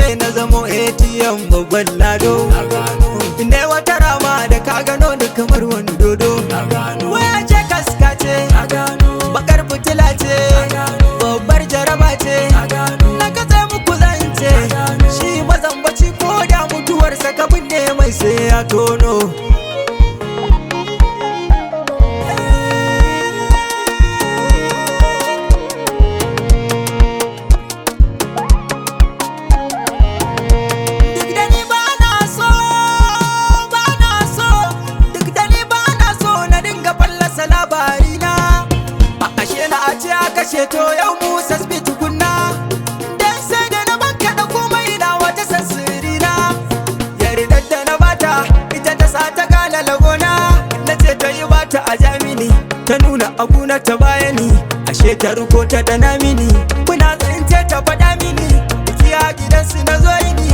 na zamo atm babban lado inda wata rama da ka gano da kamar wani dodo waya ce kaska ce bakar fitila ce babbar jaraba ce na katse muku zance shi mazambaci ko da mutuwarsa kabin ne mai sai ya tono ceto yau musa bi tukunna dan sai da na banka da komai na wata sansiri na yarda da na bata ita ta sa ta gana lagona na ce ta yi bata a jamini ta nuna aguna ta bayani ashe ta ruko ta da namini kuna tsince ta faɗa mini kiya gidansu na zo ni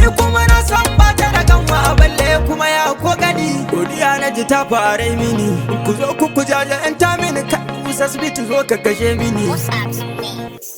ni kuma na san bata da kanwa a balle kuma ya ko gani godiya na ji ta fara mini ku zo ku kujajen ta mini kai Musa Roka Kajemini. What's up,